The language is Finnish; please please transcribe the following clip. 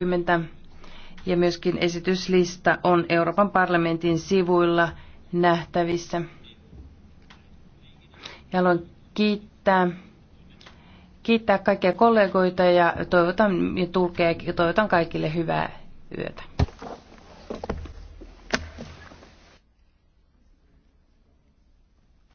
20 ja myöskin esityslista on Euroopan parlamentin sivuilla nähtävissä. Ja haluan kiittää, kiittää kaikkia kollegoita ja toivotan ja tulkeja, toivotan kaikille hyvää yötä.